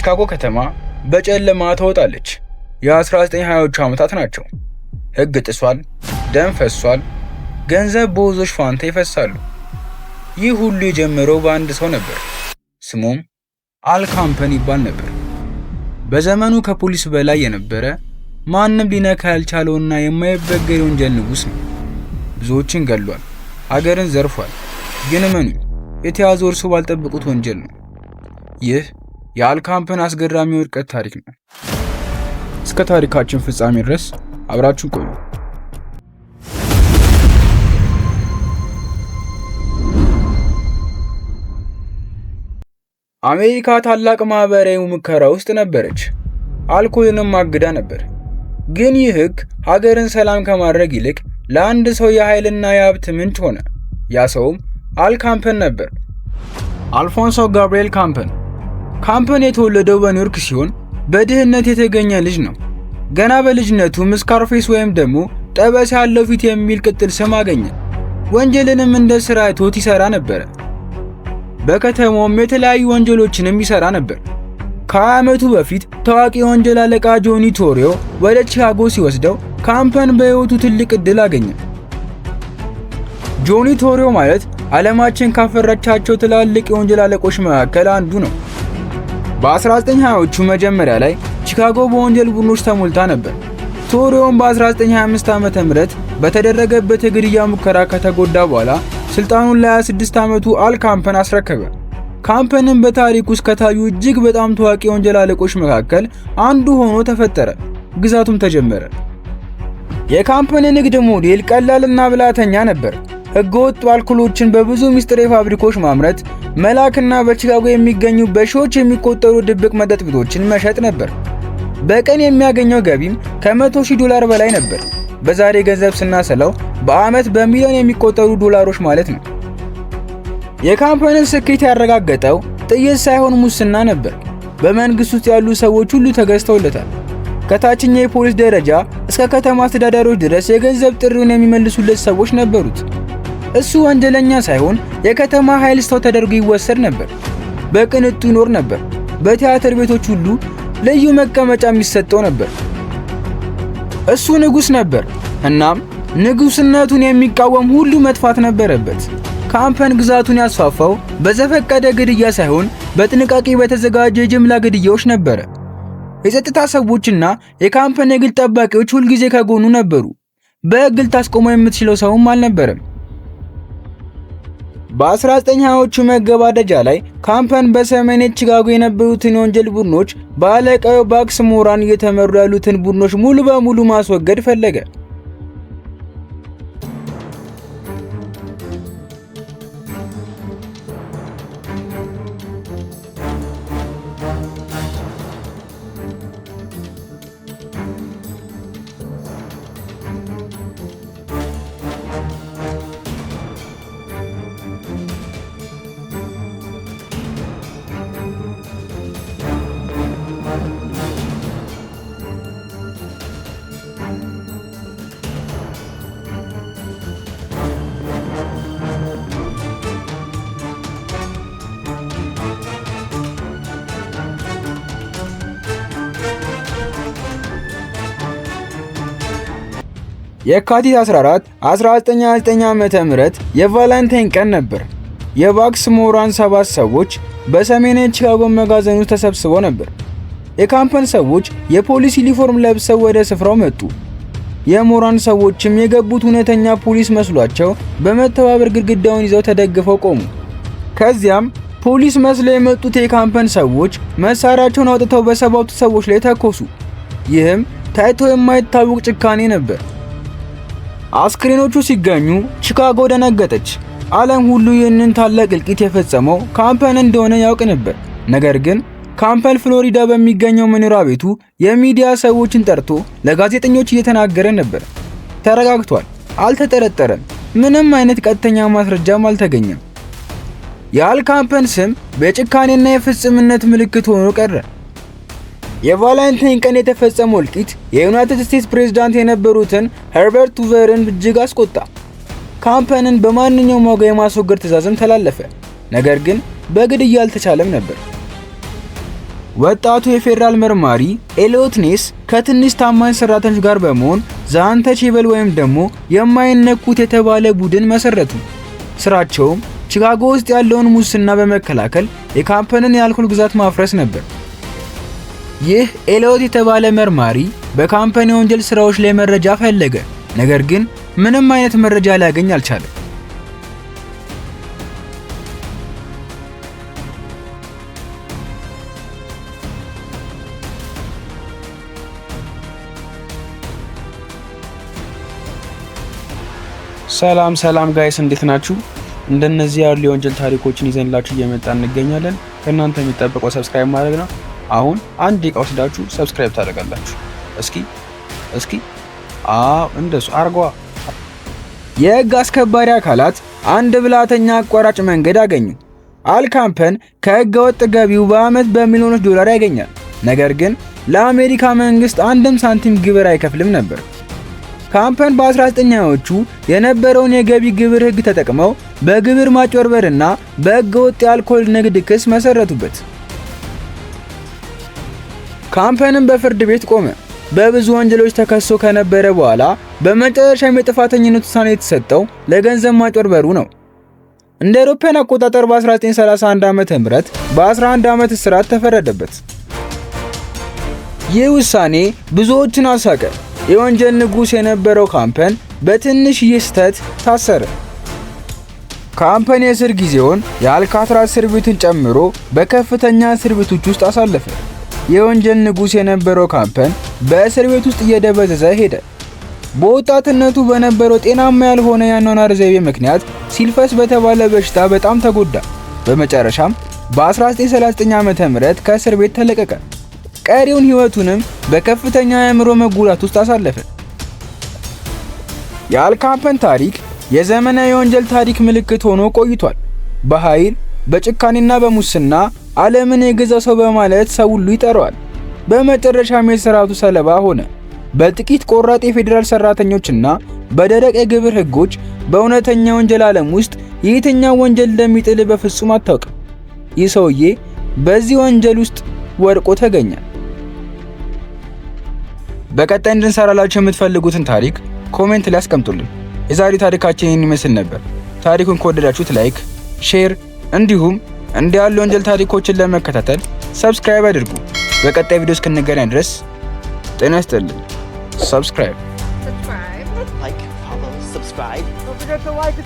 የቺካጎ ከተማ በጨለማ ተወጣለች። የ1920ዎቹ ዓመታት ናቸው። ሕግ ጥሷል፣ ደም ፈሷል፣ ገንዘብ በወዞች ፋንታ ይፈሳሉ። ይህ ሁሉ የጀመረው በአንድ ሰው ነበር። ስሙም አል ይባል ነበር። በዘመኑ ከፖሊስ በላይ የነበረ ማንም ሊነካ ያልቻለውና የማይበገር የወንጀል ንጉሥ ነው። ብዙዎችን ገሏል፣ ሀገርን ዘርፏል። ግን እመኑ የተያዘው እርሱ ባልጠበቁት ወንጀል ነው። ይህ የአልካምፕን አስገራሚ ውድቀት ታሪክ ነው። እስከ ታሪካችን ፍጻሜ ድረስ አብራችሁ ቆዩ። አሜሪካ ታላቅ ማህበራዊ ሙከራ ውስጥ ነበረች። አልኮልንም አግዳ ነበር። ግን ይህ ህግ ሀገርን ሰላም ከማድረግ ይልቅ ለአንድ ሰው የኃይልና የሀብት ምንጭ ሆነ። ያ ሰውም አል ካምፐን ነበር። አልፎንሶ ጋብርኤል ካምፐን ካምፕን የተወለደው በኒውዮርክ ሲሆን በድህነት የተገኘ ልጅ ነው። ገና በልጅነቱ ስካርፌስ ወይም ደግሞ ጠበስ ያለው ፊት የሚል ቅጥል ስም አገኘ። ወንጀልንም እንደ ስራ አይቶት ይሰራ ነበረ። በከተማውም የተለያዩ ወንጀሎችንም ይሰራ ነበር። ዓመቱ በፊት ታዋቂ የወንጀል አለቃ ጆኒ ቶሪዮ ወደ ቺካጎ ሲወስደው ካምፐን በሕይወቱ ትልቅ ዕድል አገኘ። ጆኒ ቶሪዮ ማለት ዓለማችን ካፈራቻቸው ትላልቅ የወንጀል አለቆች መካከል አንዱ ነው። በ1920ዎቹ መጀመሪያ ላይ ቺካጎ በወንጀል ቡድኖች ተሞልታ ነበር። ቶሪዮን በ1925 ዓ.ም በተደረገበት የግድያ ሙከራ ከተጎዳ በኋላ ስልጣኑን ለ26 ዓመቱ አል ካምፐን አስረከበ። ካምፐንም በታሪክ ውስጥ ከታዩ እጅግ በጣም ታዋቂ የወንጀል አለቆች መካከል አንዱ ሆኖ ተፈጠረ። ግዛቱም ተጀመረ። የካምፐን ንግድ ሞዴል ቀላልና ብላተኛ ነበር። ህገወጥ አልኮሎችን በብዙ ሚስጥር ፋብሪኮች ማምረት፣ መላክና በቺካጎ የሚገኙ በሺዎች የሚቆጠሩ ድብቅ መጠጥ ቤቶችን መሸጥ ነበር። በቀን የሚያገኘው ገቢም ከ100 ሺህ ዶላር በላይ ነበር። በዛሬ ገንዘብ ስናሰለው በዓመት በሚሊዮን የሚቆጠሩ ዶላሮች ማለት ነው። የካምፓኒን ስኬት ያረጋገጠው ጥይት ሳይሆን ሙስና ነበር። በመንግስት ውስጥ ያሉ ሰዎች ሁሉ ተገዝተውለታል። ከታችኛው የፖሊስ ደረጃ እስከ ከተማ አስተዳዳሪዎች ድረስ የገንዘብ ጥሪውን የሚመልሱለት ሰዎች ነበሩት። እሱ ወንደለኛ ሳይሆን የከተማ ኃይል ሰው ተደርጎ ይወሰድ ነበር። በቅንጡ ይኖር ነበር። በቲያትር ቤቶች ሁሉ ልዩ መቀመጫ የሚሰጠው ነበር። እሱ ንጉሥ ነበር። እናም ንጉሥነቱን የሚቃወም ሁሉ መጥፋት ነበረበት። ካምፐን ግዛቱን ያስፋፋው በዘፈቀደ ግድያ ሳይሆን በጥንቃቄ በተዘጋጀ የጅምላ ግድያዎች ነበረ። የጸጥታ ሰዎችና የካምፐን የግል ጠባቂዎች ሁልጊዜ ከጎኑ ነበሩ። በሕግ ልታስቆመው የምትችለው ሰውም አልነበረም። በ1920ዎቹ መገባደጃ ላይ ካምፐን በሰሜን ቺካጎ የነበሩትን የወንጀል ቡድኖች በአለቃው ባክስ ሞራን እየተመሩ ያሉትን ቡድኖች ሙሉ በሙሉ ማስወገድ ፈለገ። የካቲት 14 1999 ዓ.ም የቫላንታይን ቀን ነበር። የባክስ ሞራን ሰባት ሰዎች በሰሜን ቺካጎ መጋዘን ውስጥ ተሰብስበው ነበር። የካምፐን ሰዎች የፖሊስ ዩኒፎርም ለብሰው ወደ ስፍራው መጡ። የሞራን ሰዎችም የገቡት እውነተኛ ፖሊስ መስሏቸው በመተባበር ግድግዳውን ይዘው ተደግፈው ቆሙ። ከዚያም ፖሊስ መስለው የመጡት የካምፐን ሰዎች መሳሪያቸውን አውጥተው በሰባቱ ሰዎች ላይ ተኮሱ። ይህም ታይቶ የማይታወቅ ጭካኔ ነበር። አስክሬኖቹ ሲገኙ ቺካጎ ደነገጠች። ዓለም ሁሉ ይህንን ታላቅ እልቂት የፈጸመው ካምፐን እንደሆነ ያውቅ ነበር። ነገር ግን ካምፐል ፍሎሪዳ በሚገኘው መኖሪያ ቤቱ የሚዲያ ሰዎችን ጠርቶ ለጋዜጠኞች እየተናገረ ነበር። ተረጋግቷል፣ አልተጠረጠረም፣ ምንም አይነት ቀጥተኛ ማስረጃም አልተገኘም። የአል ካምፐን ስም በጭካኔና የፍጽምነት ምልክት ሆኖ ቀረ። የቫላንታይን ቀን የተፈጸመው እልቂት የዩናይትድ ስቴትስ ፕሬዝዳንት የነበሩትን ሄርበርት ቱቨርን እጅግ አስቆጣ። ካምፐንን በማንኛውም ዋጋ የማስወገድ ትዕዛዝም ተላለፈ። ነገር ግን በግድያ አልተቻለም ነበር። ወጣቱ የፌዴራል መርማሪ ኤሊዮት ኔስ ከትንሽ ታማኝ ሰራተኞች ጋር በመሆን ዛንተቼበል ወይም ደግሞ የማይነኩት የተባለ ቡድን መሰረቱ። ስራቸውም ቺካጎ ውስጥ ያለውን ሙስና በመከላከል የካምፐንን የአልኮል ግዛት ማፍረስ ነበር። ይህ ኤሊዮት የተባለ መርማሪ በካምፓኒ የወንጀል ስራዎች ላይ መረጃ ፈለገ፣ ነገር ግን ምንም አይነት መረጃ ሊያገኝ አልቻለም። ሰላም ሰላም ጋይስ እንዴት ናችሁ? እንደነዚህ ያሉ የወንጀል ታሪኮችን ይዘንላችሁ እየመጣ እንገኛለን። ከእናንተ የሚጠበቀው ሰብስክራይብ ማድረግ ነው። አሁን አንድ ደቂቃ ወስዳችሁ ሰብስክራይብ ታደርጋላችሁ። እስኪ እስኪ አዎ እንደሱ አርጓ። የህግ አስከባሪ አካላት አንድ ብልሃተኛ አቋራጭ መንገድ አገኙ። አልካምፐን ከህገ ወጥ ገቢው በዓመት በሚሊዮኖች ዶላር ያገኛል። ነገር ግን ለአሜሪካ መንግስት አንድም ሳንቲም ግብር አይከፍልም ነበር። ካምፐን በ19ኛዎቹ የነበረውን የገቢ ግብር ህግ ተጠቅመው በግብር ማጭበርበርና በህገ ወጥ የአልኮል ንግድ ክስ መሰረቱበት። ካምፕንም በፍርድ ቤት ቆመ። በብዙ ወንጀሎች ተከሶ ከነበረ በኋላ በመጨረሻም የጥፋተኝነት ውሳኔ የተሰጠው ለገንዘብ ማጭበርበሩ ነው። እንደ አውሮፓውያን አቆጣጠር በ1931 ዓመተ ምህረት በ11 ዓመት እስራት ተፈረደበት። ይህ ውሳኔ ብዙዎችን አሳቀ። የወንጀል ንጉስ የነበረው ካምፐን በትንሽዬ ስህተት ታሰረ። ካምፐን የእስር ጊዜውን የአልካትራስ እስር ቤትን ጨምሮ በከፍተኛ እስር ቤቶች ውስጥ አሳለፈ። የወንጀል ንጉሥ የነበረው ካምፐን በእስር ቤት ውስጥ እየደበዘዘ ሄደ። በወጣትነቱ በነበረው ጤናማ ያልሆነ የአኗኗር ዘይቤ ምክንያት ሲልፈስ በተባለ በሽታ በጣም ተጎዳ። በመጨረሻም በ1939 ዓ.ም ከእስር ቤት ተለቀቀ። ቀሪውን ሕይወቱንም በከፍተኛ የአእምሮ መጉላት ውስጥ አሳለፈ። የአል ታሪክ የዘመናዊ የወንጀል ታሪክ ምልክት ሆኖ ቆይቷል። በኃይል በጭካኔና በሙስና ዓለምን የገዛ ሰው በማለት ሰው ሁሉ ይጠራዋል። በመጨረሻም የሥርዓቱ ሰለባ ሆነ። በጥቂት ቆራጥ የፌዴራል ሰራተኞችና በደረቅ የግብር ህጎች በእውነተኛ ወንጀል ዓለም ውስጥ የትኛው ወንጀል እንደሚጥል በፍጹም አታውቅም። ይህ ሰውዬ በዚህ ወንጀል ውስጥ ወድቆ ተገኘ። በቀጣይ እንድንሰራላችሁ የምትፈልጉትን ታሪክ ኮሜንት ላይ አስቀምጡልን። የዛሬ ታሪካችን ይህን ይመስል ነበር። ታሪኩን ከወደዳችሁት ላይክ፣ ሼር እንዲሁም እንዲህ ያሉ ወንጀል ታሪኮችን ለመከታተል ሰብስክራይብ አድርጉ። በቀጣይ ቪዲዮ እስክንገናኝ ድረስ ጤና ይስጥልን። ሰብስክራይብ ሰብስክራይብ